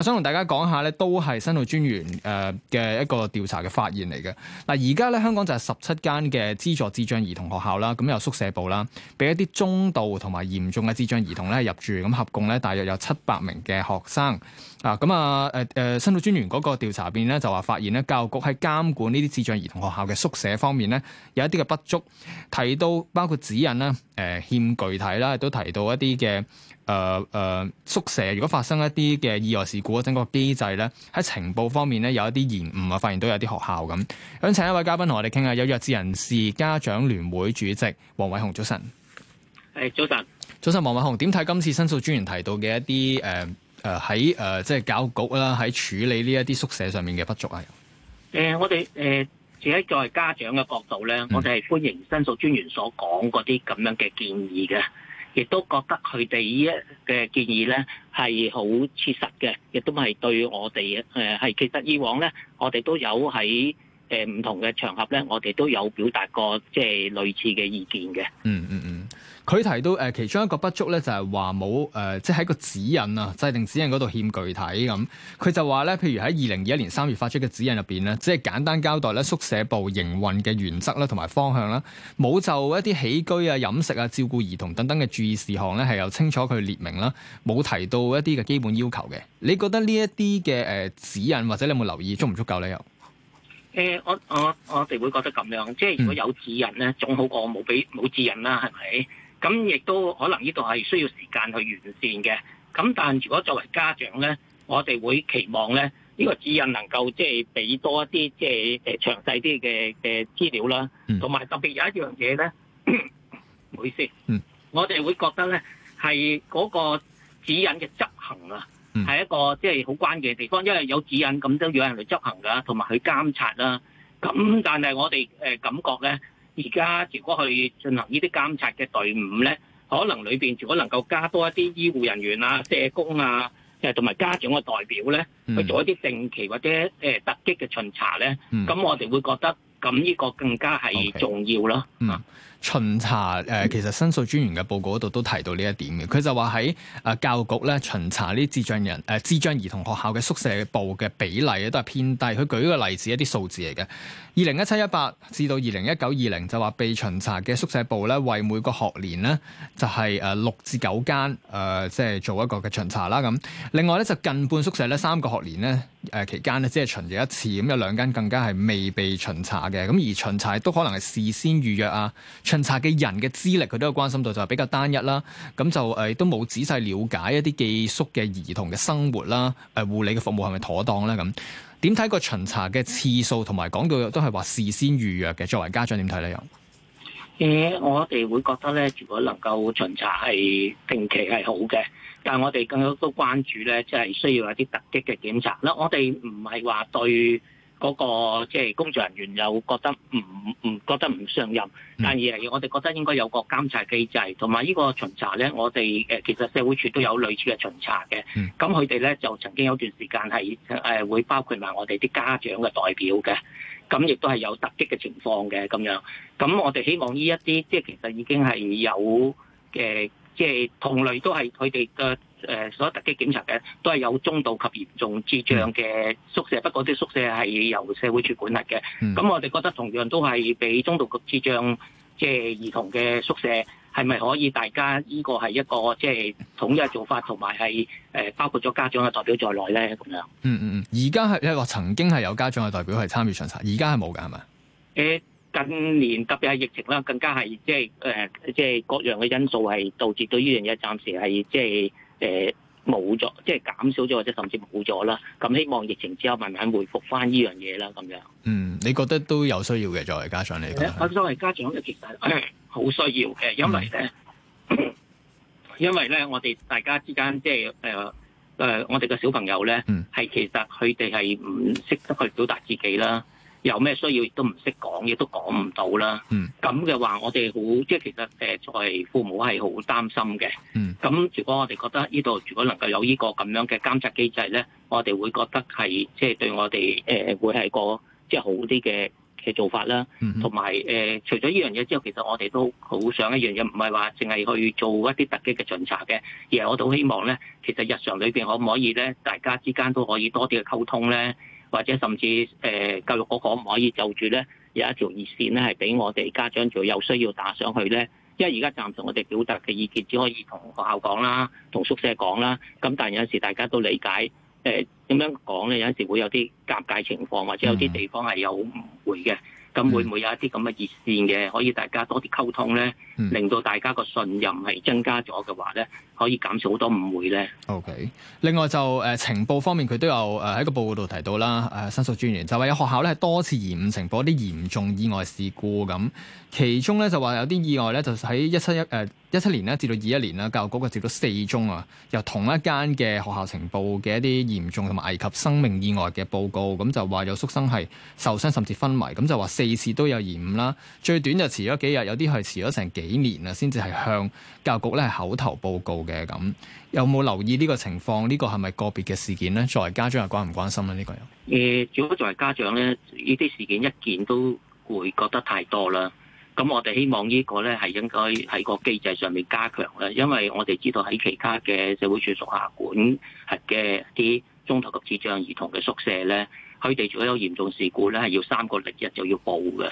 我想同大家講下咧，都係申訴專員誒嘅一個調查嘅發現嚟嘅。嗱，而家咧香港就係十七間嘅資助智障兒童學校啦，咁有宿舍部啦，俾一啲中度同埋嚴重嘅智障兒童咧入住，咁合共咧大約有七百名嘅學生。啊，咁啊，誒、啊、誒，申訴專員嗰個調查邊咧，就話發現咧，教育局喺監管呢啲智障兒童學校嘅宿舍方面咧，有一啲嘅不足，提到包括指引啦、誒、呃、欠具體啦，亦都提到一啲嘅誒誒宿舍，如果發生一啲嘅意外事故，整個機制咧喺情報方面咧，有一啲延誤啊，發現都有啲學校咁。想請一位嘉賓同我哋傾下，有弱智人士家長聯會主席黃偉雄，早晨。誒，早晨，hey, 早晨，黃偉雄點睇今次申訴專員提到嘅一啲誒？呃誒喺誒即係教育局啦，喺處理呢一啲宿舍上面嘅不足呀。誒我哋誒自己作為家長嘅角度咧，我哋係歡迎申訴專員所講嗰啲咁樣嘅建議嘅，亦都覺得佢哋呢一嘅建議咧係好切實嘅，亦都係對我哋誒係其實以往咧，我哋都有喺誒唔同嘅場合咧，我哋都有表達過即係類似嘅意見嘅。嗯嗯嗯，嗯。佢提到誒其中一個不足咧、呃，就係話冇誒，即係喺個指引啊，制定指引嗰度欠具體。噉佢就話咧，譬如喺二零二一年三月發出嘅指引入邊咧，只係簡單交代咧宿舍部營運嘅原則啦，同埋方向啦，冇就一啲起居啊、飲食啊、照顧兒童等等嘅注意事項咧，係有清楚佢列明啦，冇提到一啲嘅基本要求嘅。你覺得呢一啲嘅誒指引或者你有冇留意足唔足夠咧？又、呃、誒，我我我哋會覺得咁樣，即係如果有指引咧，總、嗯、好過冇俾冇指引啦，係咪？咁亦都可能呢度係需要時間去完善嘅。咁但係如果作為家長咧，我哋會期望咧呢、呢個指引能夠即係俾多一啲即係誒詳細啲嘅嘅資料啦。同、嗯、埋特別有一樣嘢咧，唔 好意思。嗯。我哋會覺得咧係嗰個指引嘅執行啊，係、嗯、一個即係好關鍵嘅地方，因為有指引咁都要有人去執行㗎，同埋去監察啦、啊。咁但係我哋感覺咧。而家如果去進行呢啲監察嘅隊伍咧，可能裏邊如果能夠加多一啲醫護人員啊、社工啊，誒同埋家長嘅代表咧、嗯，去做一啲定期或者誒、呃、突擊嘅巡查咧，咁、嗯、我哋會覺得咁呢個更加係重要咯，啊、okay，嗯。巡查誒、呃，其實申訴專員嘅報告嗰度都提到呢一點嘅，佢就話喺誒教育局咧巡查呢啲智障人誒、呃、智障兒童學校嘅宿舍部嘅比例咧都係偏低。佢舉個例子一啲數字嚟嘅，二零一七一八至到二零一九二零就話被巡查嘅宿舍部咧為每個學年呢就係誒六至九間誒即係做一個嘅巡查啦咁。另外咧就近半宿舍咧三個學年咧誒、呃、期間呢，只係巡查一次，咁有兩間更加係未被巡查嘅。咁而巡查都可能係事先預約啊。巡查嘅人嘅資歷，佢都有關心到，就係比較單一啦。咁就誒都冇仔細了解一啲寄宿嘅兒童嘅生活啦，誒護理嘅服務係咪妥當咧？咁點睇個巡查嘅次數同埋講到都係話事先預約嘅，作為家長點睇咧？又、呃、誒，我哋會覺得咧，如果能夠巡查係定期係好嘅，但係我哋更加多關注咧，即、就、係、是、需要一啲突擊嘅檢查。嗱，我哋唔係話對。嗰、那個即係工作人員又覺得唔唔覺得唔信任，嗯、但係我哋覺得應該有個監察機制，同埋呢個巡查咧，我哋其實社會處都有類似嘅巡查嘅，咁佢哋咧就曾經有段時間係會、呃、包括埋我哋啲家長嘅代表嘅，咁亦都係有突擊嘅情況嘅咁樣，咁我哋希望呢一啲即係其實已經係有嘅，即係同類都係佢哋嘅。誒所有突擊檢查嘅都係有中度及嚴重智障嘅宿舍，嗯、不過啲宿舍係由社會處管轄嘅。咁、嗯、我哋覺得同樣都係畀中度及智障即係、就是、兒童嘅宿舍，係咪可以大家呢個係一個即係、就是、統一嘅做法，同埋係誒包括咗家長嘅代表在內咧？咁樣。嗯嗯嗯，而家係一個曾經係有家長嘅代表係參與巡查，而家係冇㗎係咪？誒近年特別係疫情啦，更加係即係誒即係各樣嘅因素係導致到呢樣嘢，暫時係即係。就是誒冇咗，即係減少咗，或者甚至冇咗啦。咁希望疫情之後慢慢回復翻呢樣嘢啦，咁樣。嗯，你覺得都有需要嘅，作為家長嚟講。啊，作為家長嘅其實係好需要嘅，因為咧、嗯，因為咧，我哋大家之間即係誒、呃呃、我哋嘅小朋友咧，係、嗯、其實佢哋係唔識得去表達自己啦。有咩需要亦都唔識講，亦都講唔到啦。咁、嗯、嘅話，我哋好即係其實作為父母係好擔心嘅。咁、嗯、如果我哋覺得呢度如果能夠有呢個咁樣嘅監察機制咧，我哋會覺得係即係對我哋誒、呃、會係個即係、就是、好啲嘅嘅做法啦。同、嗯、埋、呃、除咗呢樣嘢之後，其實我哋都好想一樣嘢，唔係話淨係去做一啲突擊嘅巡查嘅，而係我都希望咧，其實日常裏面可唔可以咧，大家之間都可以多啲嘅溝通咧。或者甚至誒、呃、教育局可唔可以就住咧，有一條熱線咧，係俾我哋家長做有需要打上去咧？因為而家暫時我哋表達嘅意見，只可以同學校講啦，同宿舍講啦。咁但係有陣時大家都理解誒點、呃、樣講咧，有陣時會有啲尷尬情況，或者有啲地方係有誤會嘅。嗯咁、嗯、會唔會有一啲咁嘅熱線嘅，可以大家多啲溝通咧，令到大家個信任係增加咗嘅話咧，可以減少好多誤會咧。OK，另外就、呃、呈報方面，佢都有喺、呃、個報告度提到啦。誒、呃，申訴專員就話有學校咧，多次延誤呈報一啲嚴重意外事故咁，其中咧就話有啲意外咧，就喺一七一一七年啦，至到二一年啦，教育局就接到四宗啊，由同一間嘅學校呈報嘅一啲嚴重同埋危及生命意外嘅報告，咁就話有宿生係受傷甚至昏迷，咁就話四次都有延誤啦，最短就遲咗幾日，有啲係遲咗成幾年啊，先至係向教育局咧係口頭報告嘅咁。有冇留意呢個情況，呢個係咪個別嘅事件咧？作為家長係關唔關心咧？呢個人？誒，如果作為家長咧，呢啲事件一件都會覺得太多啦。咁我哋希望呢個呢，係應該喺個機制上面加強咧，因為我哋知道喺其他嘅社會署屬下管嘅啲中途及智障兒童嘅宿舍呢，佢哋如果有嚴重事故呢，係要三個曆日就要報嘅。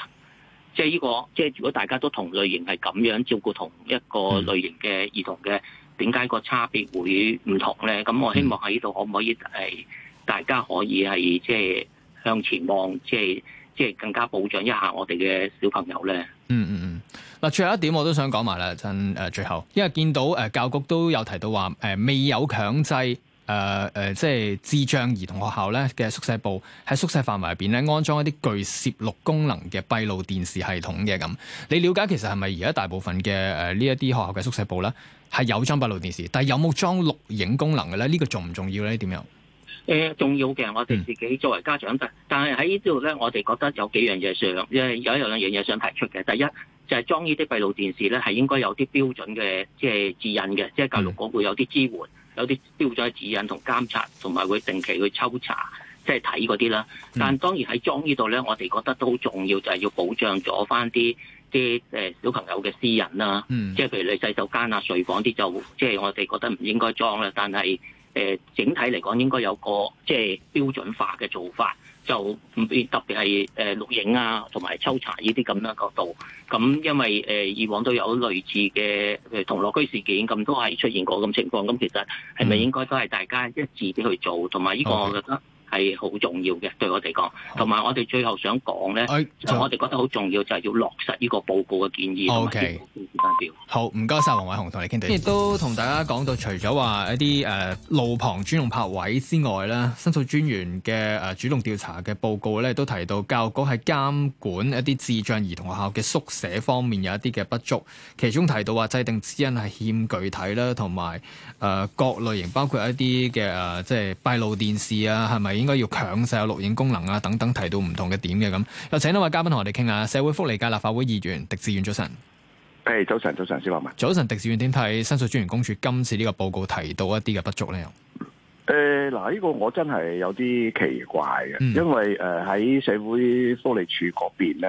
即係呢個，即係如果大家都同類型係咁樣照顧同一個類型嘅兒童嘅，點解個差別會唔同呢？咁我希望喺呢度可唔可以係大家可以係即係向前望，即係。即係更加保障一下我哋嘅小朋友咧。嗯嗯嗯。嗱，最後一點我都想講埋啦，陳誒、呃、最後，因為見到誒、呃、教局都有提到話誒、呃、未有強制誒誒、呃呃，即係智障兒童學校咧嘅宿舍部喺宿舍範圍入邊咧安裝一啲具攝錄功能嘅閉路電視系統嘅咁。你了解其實係咪而家大部分嘅誒呢一啲學校嘅宿舍部咧係有裝閉路電視，但係有冇裝錄影功能嘅咧？呢、呢個重唔重要咧？點樣？呃、重要嘅，我哋自己作為家長，嗯、但但係喺呢度咧，我哋覺得有幾樣嘢想，有一兩樣嘢想提出嘅。第一就係裝呢啲閉路電視咧，係應該有啲標準嘅、就係嗯，即係指引嘅，即係教育局會有啲支援，有啲標準指引同監察，同埋會定期去抽查，即係睇嗰啲啦。但當然喺裝呢度咧，我哋覺得都好重要，就係、係、要保障咗翻啲啲誒小朋友嘅私隱啦。嗯、即係譬如你洗手間啊、睡房啲、啊、就，即係我哋覺得唔應該裝啦。但係誒、呃、整體嚟講應該有個即係、就是、標準化嘅做法，就特別特別係誒錄影啊，同埋抽查呢啲咁樣角度。咁因為誒、呃、以往都有類似嘅、呃、同樂居事件咁都係出現過咁情況，咁其實係咪應該都係大家一致啲去做，同埋呢個我覺得、okay.。係好重要嘅，對我哋講。同埋我哋最後想講咧，我哋覺得好重要，就係要落實呢個報告嘅建議。O、okay, K。好唔該晒。黃偉雄，同你傾偈。亦都同大家講到除，除咗話一啲路旁專用泊位之外咧，申訴專員嘅、呃、主動調查嘅報告咧，都提到教育局係監管一啲智障兒童學校嘅宿舍方面有一啲嘅不足，其中提到話制定指引係欠具體啦，同埋誒各類型包括一啲嘅誒即係閉路電視啊，係咪？應該要強勢有錄影功能啊，等等提到唔同嘅點嘅咁，有請一位嘉賓同我哋傾下，社會福利界立法會議員狄志遠早晨。誒、hey,，早晨，早晨，小蜜早晨，狄志遠點睇申訴專員公署今次呢個報告提到一啲嘅不足呢？誒、呃，嗱，呢個我真係有啲奇怪嘅，因為誒喺、呃、社會福利署嗰邊咧，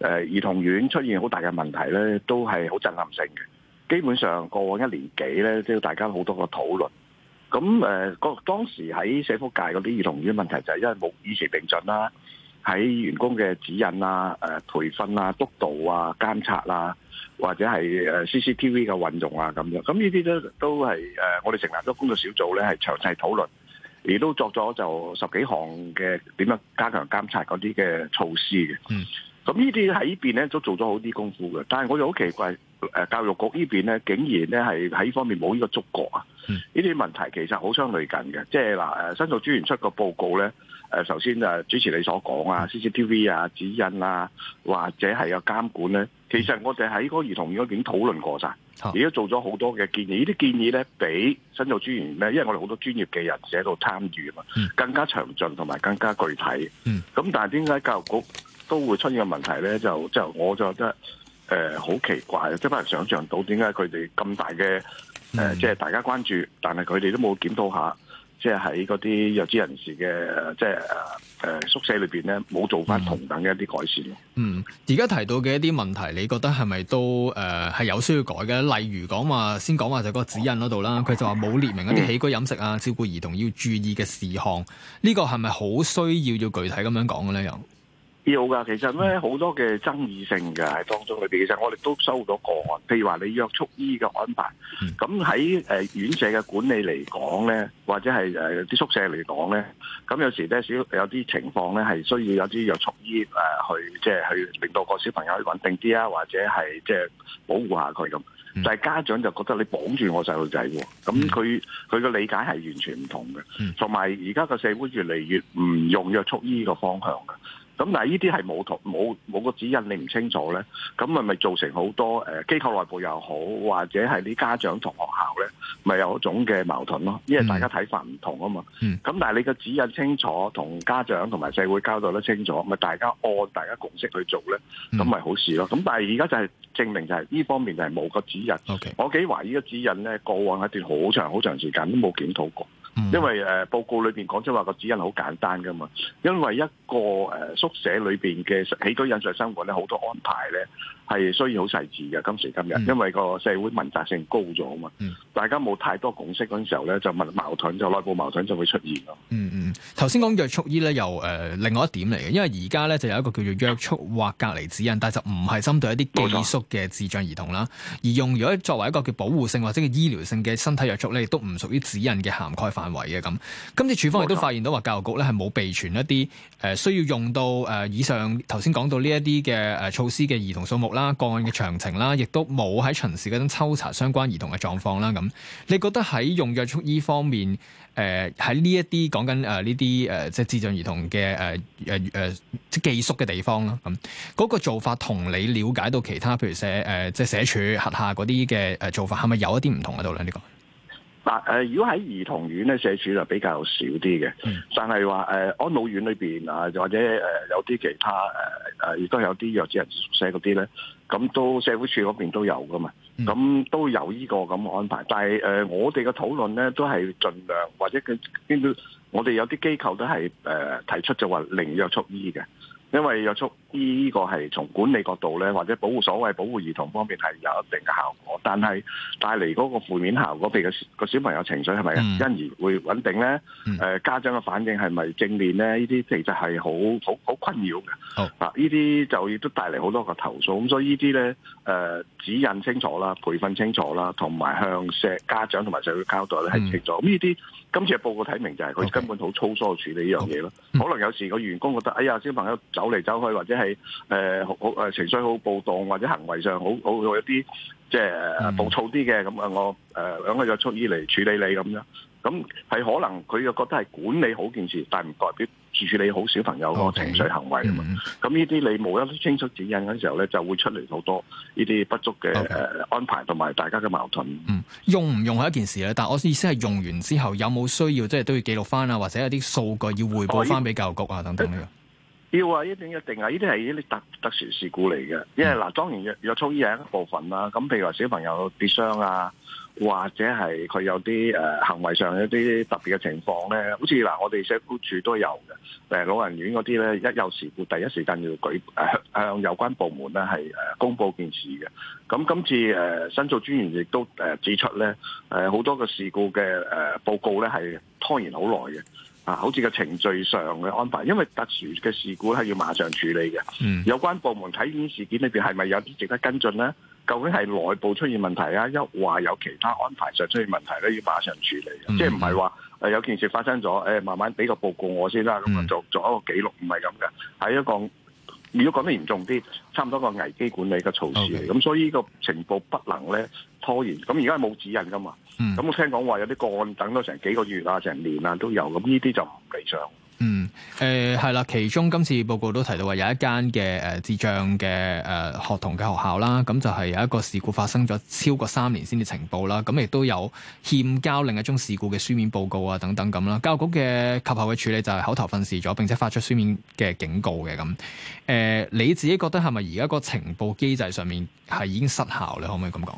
誒、呃、兒童院出現好大嘅問題呢，都係好震撼性嘅。基本上過往一年幾呢，即係大家好多個討論。咁誒，個、呃、當時喺社福界嗰啲兒童院問題就係因為冇與時並進啦、啊，喺員工嘅指引啊、誒、呃、培訓啊、督導啊、監察啦、啊，或者係誒 CCTV 嘅運用啊咁樣。咁呢啲都、呃、都係誒我哋成立咗工作小組咧，係詳細討論，亦都作咗就十幾項嘅點樣加強監察嗰啲嘅措施嘅。嗯。咁呢啲喺呢邊咧都做咗好啲功夫嘅，但係我就好奇怪，誒教育局邊呢邊咧竟然咧係喺呢方面冇呢個觸覺啊！呢、嗯、啲問題其實好相類近嘅，即係嗱申訴專員出個報告咧、呃，首先誒，主持你所講啊、嗯，CCTV 啊，指引啊，或者係有監管咧，其實我哋喺嗰兒童院邊討論過晒，而家做咗好多嘅建議。呢啲建議咧，比申訴專員咧，因為我哋好多專業嘅人喺度參與啊嘛、嗯，更加詳盡同埋更加具體。咁、嗯、但係點解教育局都會出現問題咧？就即係我就覺得好、呃、奇怪，即係唔能想象到點解佢哋咁大嘅。誒、嗯、呃，即係大家關注，但係佢哋都冇檢討下，即係喺嗰啲弱智人士嘅，即係誒宿舍裏邊咧，冇做翻同等嘅一啲改善嗯，而家提到嘅一啲問題，你覺得係咪都誒係、呃、有需要改嘅？例如講話先講話就個指引嗰度啦，佢就話冇列明一啲起居飲食啊，照顧兒童要注意嘅事項，呢、這個係咪好需要要具體咁樣講嘅咧？又？要噶，其實咧，好多嘅爭議性嘅喺當中，裏面其實我哋都收到個案，譬如話你約束衣嘅安排，咁喺誒院舍嘅管理嚟講咧，或者係誒啲宿舍嚟講咧，咁有時咧少有啲情況咧，係需要有啲約束衣誒去，即係去令到個小朋友去穩定啲啊，或者係即係保護下佢咁。但係家長就覺得你綁住我細路仔喎，咁佢佢嘅理解係完全唔同嘅，同埋而家個社會越嚟越唔用約束衣嘅方向嘅。咁但係呢啲係冇同冇冇個指引，你唔清楚咧，咁咪咪造成好多誒、呃、機構內部又好，或者係啲家長同學校咧，咪有一種嘅矛盾咯？因為大家睇法唔同啊嘛。咁、嗯、但係你個指引清楚，同家長同埋社會交代得清楚，咪大家按大家共識去做咧，咁、嗯、咪好事咯。咁但係而家就係證明就係呢方面就係冇個指引。Okay. 我幾懷疑個指引咧，過往一段好長好長時間都冇檢討過。嗯、因為誒報告裏邊講出話，個指引好簡單噶嘛。因為一個誒宿舍裏邊嘅起居飲食生活咧，好多安排咧係雖然好細緻嘅，今時今日，因為個社會問責性高咗啊嘛，大家冇太多共識嗰陣時候咧，就矛矛盾就內部矛盾就會出現咯。嗯嗯，頭先講約束衣咧，又、呃、誒另外一點嚟嘅，因為而家咧就有一個叫做約束或隔離指引，但係就唔係針對一啲寄宿嘅智障兒童啦，而用如果作為一個叫保護性或者叫醫療性嘅身體約束咧，亦都唔屬於指引嘅涵蓋範圍嘅咁。今次署方亦都發現到話，教育局咧係冇備存一啲誒需要用到誒以上頭先講到呢一啲嘅誒措施嘅兒童數目啦個案嘅詳情啦，亦都冇喺巡視嗰陣抽查相關兒童嘅狀況啦。咁，你覺得喺用藥速醫方面，誒喺呢一啲講緊誒呢啲誒即係智障兒童嘅誒誒誒即寄宿嘅地方啦，咁、那、嗰個做法同你了解到其他譬如社誒、呃、即係社署、轄下嗰啲嘅誒做法，係咪有一啲唔同喺度咧？呢個但誒、呃，如果喺兒童院咧，社署就比較少啲嘅、嗯。但係話誒，安老院裏面，啊，或者、呃、有啲其他誒誒，亦、呃、都有啲弱智人宿舍嗰啲咧，咁都社會署嗰邊都有噶嘛。咁都有呢個咁嘅安排。但係誒、呃，我哋嘅討論咧都係盡量或者我哋有啲機構都係、呃、提出就話零約束醫嘅。因為約束呢個係從管理角度咧，或者保護所謂保護兒童方面係有一定嘅效果，但係帶嚟嗰個負面效果，嗰譬如個小，小朋友情緒係咪因而會穩定咧？誒、嗯呃，家長嘅反應係咪正面咧？呢啲其實係好好好困擾嘅、哦。啊，呢啲就亦都帶嚟好多個投訴，咁所以呢啲咧，誒指引清楚啦，培訓清楚啦，同埋向社家長同埋社會交代咧係清楚，呢、嗯、啲。今次嘅報告睇明就係佢根本好粗疏處理呢樣嘢咯，okay. Okay. 可能有時個員工覺得，哎呀，小朋友走嚟走去，或者係誒好誒情緒好暴動，或者行為上好好有一啲即係暴躁啲嘅咁啊，我誒咁樣就約束衣嚟處理你咁樣。咁係可能佢又覺得係管理好件事，但係唔代表處理好小朋友個情緒行為啊嘛。咁呢啲你冇一啲清楚指引嘅時候咧，就會出嚟好多呢啲不足嘅誒安排同埋大家嘅矛盾。Okay. 嗯，用唔用係一件事咧，但係我意思係用完之後有冇需要，即係都要記錄翻啊，或者有啲數據要匯報翻俾教育局啊等等呢個 oh, it... 要啊，一定要定啊！呢啲係啲特特殊事故嚟嘅。因為嗱，當然藥藥錯醫係一部分啦。咁譬如話小朋友跌傷啊，或者係佢有啲誒、呃、行為上有一啲特別嘅情況咧，好似嗱、呃，我哋社區處都有嘅。誒、呃、老人院嗰啲咧，一有事故，第一時間要舉誒、呃、向有關部門咧係誒公佈件事嘅。咁今次誒、呃、申訴專員亦都誒指出咧，誒、呃、好多個事故嘅誒、呃、報告咧係拖延好耐嘅。啊，好似個程序上嘅安排，因為特殊嘅事故係要馬上處理嘅，嗯。有關部門睇呢事件裏邊係咪有啲值得跟進咧？究竟係內部出現問題啊，一話有其他安排上出現問題咧，要馬上處理。嗯、即係唔係話哎有件事發生咗，哎，慢慢俾個報告我先啦，咁做、嗯、做一個記錄，唔係咁嘅。係一個，如果講得嚴重啲，差唔多個危機管理嘅措施嚟。咁、okay. 所以呢個情報不能咧。拖延咁而家係冇指引噶嘛？嗯，咁我聽講話有啲個案等咗成幾個月啊，成年啊都有咁呢啲就唔理想。嗯，誒係啦，其中今次報告都提到話有一間嘅誒智障嘅誒、呃、學童嘅學校啦，咁就係有一個事故發生咗超過三年先至呈報啦。咁亦都有欠交另一宗事故嘅書面報告啊，等等咁啦。教育局嘅及後嘅處理就係口頭訓示咗，並且發出書面嘅警告嘅咁。誒、呃，你自己覺得係咪而家個呈報機制上面係已經失效咧？你可唔可以咁講？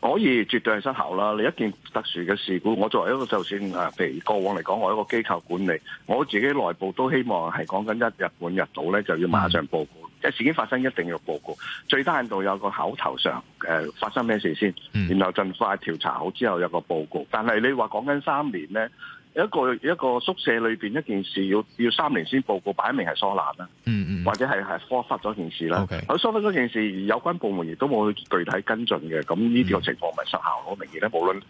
可以絕對係失效啦！你一件特殊嘅事故，我作為一個就算誒、啊，譬如過往嚟講，我一個機構管理，我自己內部都希望係講緊一日本日到咧就要馬上報告，mm. 即係事件發生一定要報告，最低限度有個口頭上誒、呃、發生咩事先，然後盡快調查好之後有個報告。但係你話講緊三年咧？一個一個宿舍裏面一件事要，要要三年先報告，擺明係疏懶啦。嗯嗯，或者係係疏忽咗件事啦。O K，佢疏忽咗件事，而有關部門亦都冇去具體跟進嘅，咁呢條情況咪失效咯？明顯咧，無論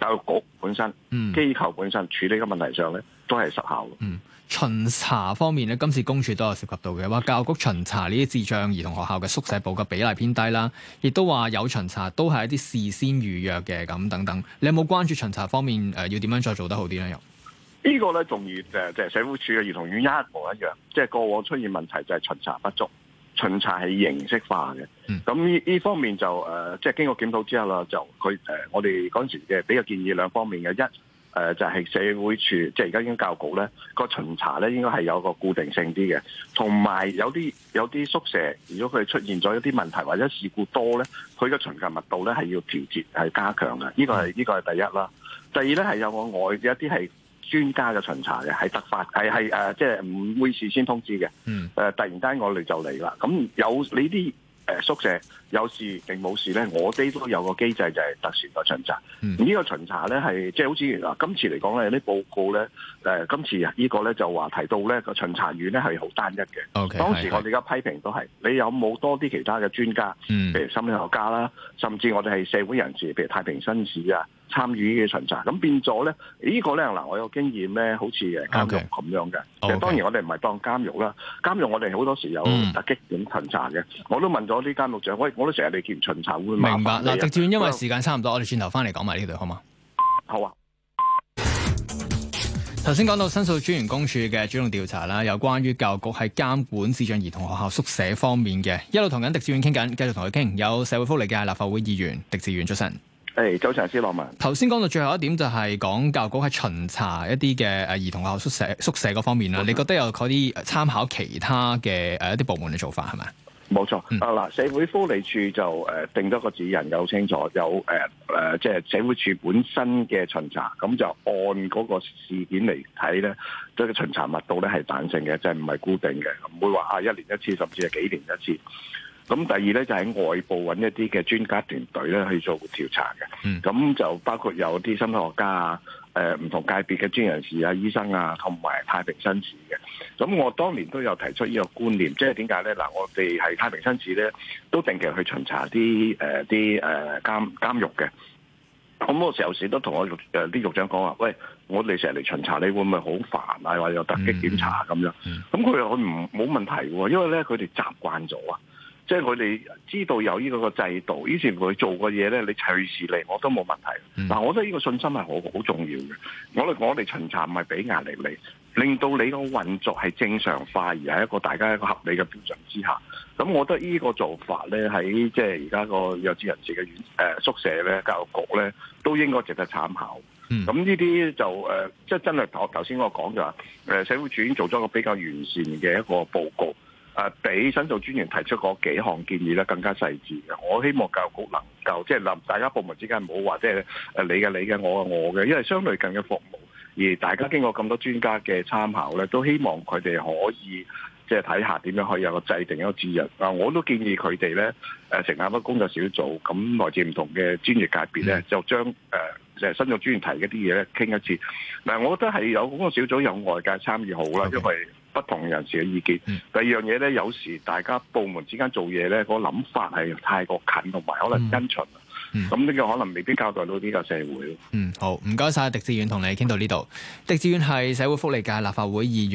教育局本身、mm-hmm. 機構本身處理嘅問題上咧，都係失效。嗯、mm-hmm.。巡查方面咧，今次公署都有涉及到嘅，話教育局巡查呢啲智障兒童學校嘅宿舍部嘅比例偏低啦，亦都話有巡查都係一啲事先預約嘅，咁等等。你有冇關注巡查方面誒、呃，要點樣再做得好啲咧？又、這個、呢個咧，仲要誒，就是、社會署嘅兒童院一模一樣，即係過往出現問題就係巡查不足，巡查係形式化嘅。咁呢呢方面就誒，即係經過檢討之後啦，就佢誒，我哋嗰陣時嘅比嘅建議兩方面嘅一。誒、呃、就係、是、社會處，即係而家已經教育局咧個巡查咧，應該係有個固定性啲嘅。同埋有啲有啲宿舍，如果佢出現咗一啲問題或者事故多咧，佢嘅巡勤密度咧係要調節係加強嘅。呢、這個係呢、這個係第一啦。第二咧係有個外，有啲係專家嘅巡查嘅，係突發，係係誒，即係唔會事先通知嘅。嗯。誒，突然間我哋就嚟啦。咁有你啲。誒、呃、宿舍有事定冇事咧，我哋都有個機制就係、是、特殊巡、嗯、個巡查。咁呢個巡查咧係即係好似嗱，今次嚟講咧啲報告咧，誒今次呢個咧就話提到咧個巡查員咧係好單一嘅。Okay，當時我哋而家批評都係你有冇多啲其他嘅專家，譬如心理學家啦、嗯，甚至我哋係社會人士，譬如太平紳士啊。參與嘅巡查，咁變咗咧，依、呢個咧嗱，我有經驗咧，好似監獄咁樣嘅。Okay. 其實當然我哋唔係當監獄啦，監獄我哋好多時有突擊點巡查嘅、嗯。我都問咗啲監獄長，喂，我都成日你見巡查會問啲嘢。明白嗱，狄志遠，因為時間差唔多，我哋轉頭翻嚟講埋呢對好嗎？好啊。頭先講到申訴專員公署嘅主動調查啦，有關於教育局喺監管智障兒童學校宿舍方面嘅，一路同緊狄志遠傾緊，繼續同佢傾，有社會福利嘅立法會議員狄志遠出聲。誒、hey，周常思落文。頭先講到最後一點就係講教育局喺巡查一啲嘅誒兒童校宿舍宿舍嗰方面啦。你覺得有嗰啲參考其他嘅誒一啲部門嘅做法係咪？冇錯、嗯、啊！嗱，社會福利處就誒定咗個指引，人有清楚有誒誒、呃，即係社會處本身嘅巡查，咁就按嗰個事件嚟睇咧，即、那、係、個、巡查密度咧係彈性嘅，即係唔係固定嘅，唔會話啊一年一次，甚至係幾年一次。咁第二咧就喺、是、外部揾一啲嘅專家團隊咧去做調查嘅，咁、嗯、就包括有啲心理學家啊、誒、呃、唔同界別嘅專業人士啊、醫生啊，同埋太平紳士嘅。咁我當年都有提出呢個觀念，即係點解咧？嗱、呃，我哋係太平紳士咧，都定期去巡查啲誒啲誒監監獄嘅。咁我成日時都同我誒啲、呃、獄長講話，喂，我哋成日嚟巡查，你會唔會好煩啊？話又突擊檢查咁、啊、樣。咁佢佢唔冇問題喎、啊，因為咧佢哋習慣咗啊。即係佢哋知道有呢個制度，以前佢做個嘢咧，你隨時嚟我都冇問題。嗱、mm.，我覺得呢個信心係好好重要嘅。我哋我哋巡查唔係俾壓力你，令到你個運作係正常化，而係一個大家一個合理嘅標準之下。咁我覺得呢個做法咧，喺即係而家個弱智人士嘅誒宿舍咧，教育局咧，都應該值得參考。咁呢啲就誒，即、就、係、是、真係頭先我講就係社會主義做咗個比較完善嘅一個報告。啊！俾申訴專員提出嗰幾項建議咧，更加細緻嘅。我希望教育局能夠即係諗，大家部門之間唔好話即係你嘅你嘅，我嘅我嘅，因為相對近嘅服務，而大家經過咁多專家嘅參考咧，都希望佢哋可以即係睇下點樣可以有個制定一個指引。我都建議佢哋咧成立一個工作小組，咁來自唔同嘅專業界別咧，就將即誒、呃、申訴專員提嗰啲嘢咧傾一次。嗱、啊，我覺得係有工作小組有外界參與好啦，因為。不同人士嘅意見。第二樣嘢咧，有時大家部門之間做嘢咧，個諗法係太過近，同埋可能跟循，咁、嗯、呢個可能未必交代到呢個社會咯。嗯，好，唔該晒。狄志遠同你傾到呢度。狄志遠係社會福利界立法會議員。